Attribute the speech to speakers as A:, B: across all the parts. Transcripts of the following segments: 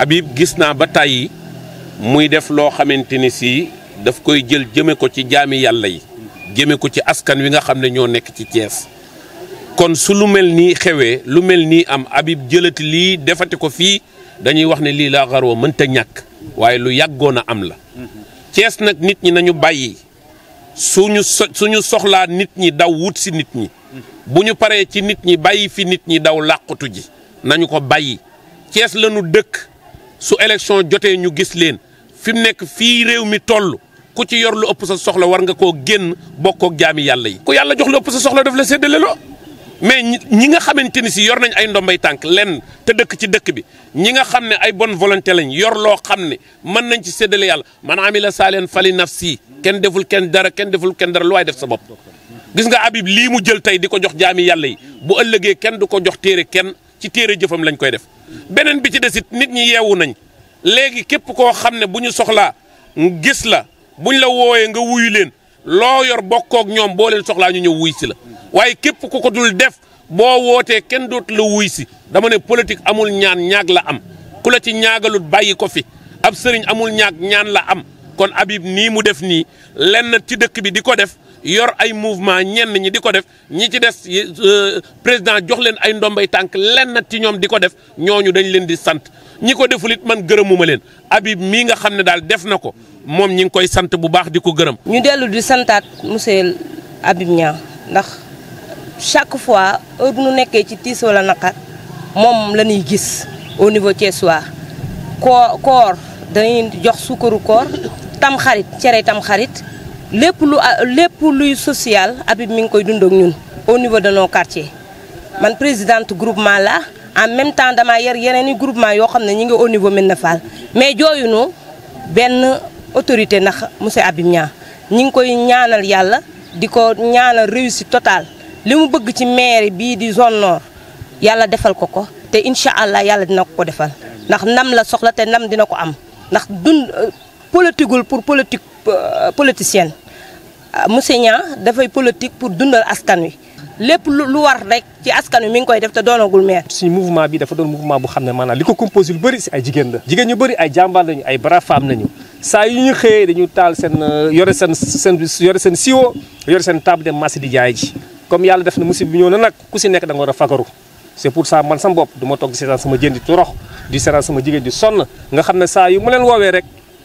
A: Habib gis naa ba tàyyi muy def loo xamante ni si daf koy jël jëme ko ci jaami yàlla yi jëme ko ci askan wi nga xam ne ñoo nekk ci Thiès kon su lu mel nii xewee lu mel nii am Habib jëlat lii defati ko fii dañuy wax ne lii laa xaroo mënta ñàkk waaye lu yàggoon a am la Thiès nag nit ñi nañu bàyyi suñu so suñu soxlaa nit ñi daw wut si nit ñi bu ñu paree ci nit ñi bàyyi fi nit ñi daw làqutu ji nañu ko bàyyi Thiès lañu dëkk su élection jotee ñu gis leen fi mu nekk fii réew mi toll ku ci yor lu ëpp sa soxla war nga koo génn bokkook jaami yàlla yi. ku yàlla jox lu ëpp sa soxla def la séddale loo mais ñi nga xamante ni si yor nañ ay ndombay tànk lenn te dëkk ci dëkk bi ñi nga xam ne ay bonne volonté lañ yor loo xam ne mën nañ ci séddale yàlla man amila saaleen fali si kenn deful kenn dara kenn deful kenn dara lu waay def sa bopp. gis nga Habib lii mu jël tey di ko jox jaami yàlla yi bu ëllëgee kenn du ko jox téere kenn. ci téere jëfam lañ koy def beneen bi ci desit nit ñi yeewu nañ léegi képp koo xam ne bu ñu soxlaa gis la buñ la wooyee nga wuyu leen loo yor bokkook ñoom boo leen soxlaa ñu ñëw wuy si la waaye képp ku ko dul def boo wootee kenn dootu la wuy si dama ne politique amul ñaan ñaag la am ku la ci ñaagalut bàyyi ko fi ab sëriñ amul ñaag ñaan la am kon Habib nii mu def nii lenn ci dëkk bi di ko def yor ay mouvement ñenn ñi di ko def ñi ci des euh, président jox leen ay ndombay tànk lenn ci ñoom di ko def ñooñu dañu leen di sant ñi ko deful it man gërëmuma leen Habib mii nga xam ne daal def na ko moom ñi ngi koy sant bu baax di ko gërëm.
B: ñu dellu di santaat monsieur Habib Niang ndax chaque fois heure bu ñu nekkee ci tiis wala naqar moom la ñuy gis au niveau Thiessois. koor dañuy jox suukaru koor xarit cere tamxarit lépp lu ah, lépp luy social Habib mi ngi koy dund ak ñun au niveau de nos quartiers man présidente groupement la en même temps damaa yar yeneen groupement yoo xam ne ñu ngi au niveau Médina Fall mais jooyu nu benn autorité ndax monsieur Habib Niang ñi ngi koy ñaanal yàlla di ko ñaanal réussite totale li mu bëgg ci maire bii di zone nord yàlla defal ko ko te incha allah yàlla dina ko ko defal ndax ndam la soxla te ndam dina ko am ndax politique pour politique euh, politicienne ah, da fay politique pour dundal askan wi lepp lu war rek ci askan wi mi ngi koy def te doonagul mer ci mouvement bi dafa
C: doon mouvement bu xamne ne liko li ko composé lu bëri si ay jigen la jigen ñu bari ay jambal lañu ay brave femme lañu sa yu ñu xëyee dañu taal sen euh, yore sen sen yore sen siwo yore sen table de masse di jaay ji comme yalla def na musib bi ñëw na nag ku ci nek da nga war fagaru c'est pour ça man sama bop duma tok ci di sama jënd di torox di seetaan sama jigen di son nga xamne ne yu mu len wowe rek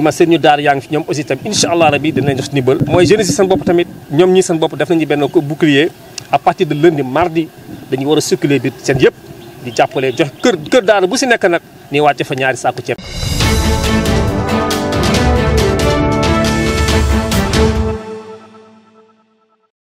C: ma seen ñu daar yaa ngi fi ñoom aussi tamit incha allah rabi dinañ def ndimbal mooy jeunesse yi seen bopp tamit ñoom ñii seen bopp def nañu benn ko bouclier à de lundi mardi dañu war a circuler biir seen yëpp di jàppale jox kër kër daara bu si nekk nag ni wàcce fa ñaari sàkku ceeb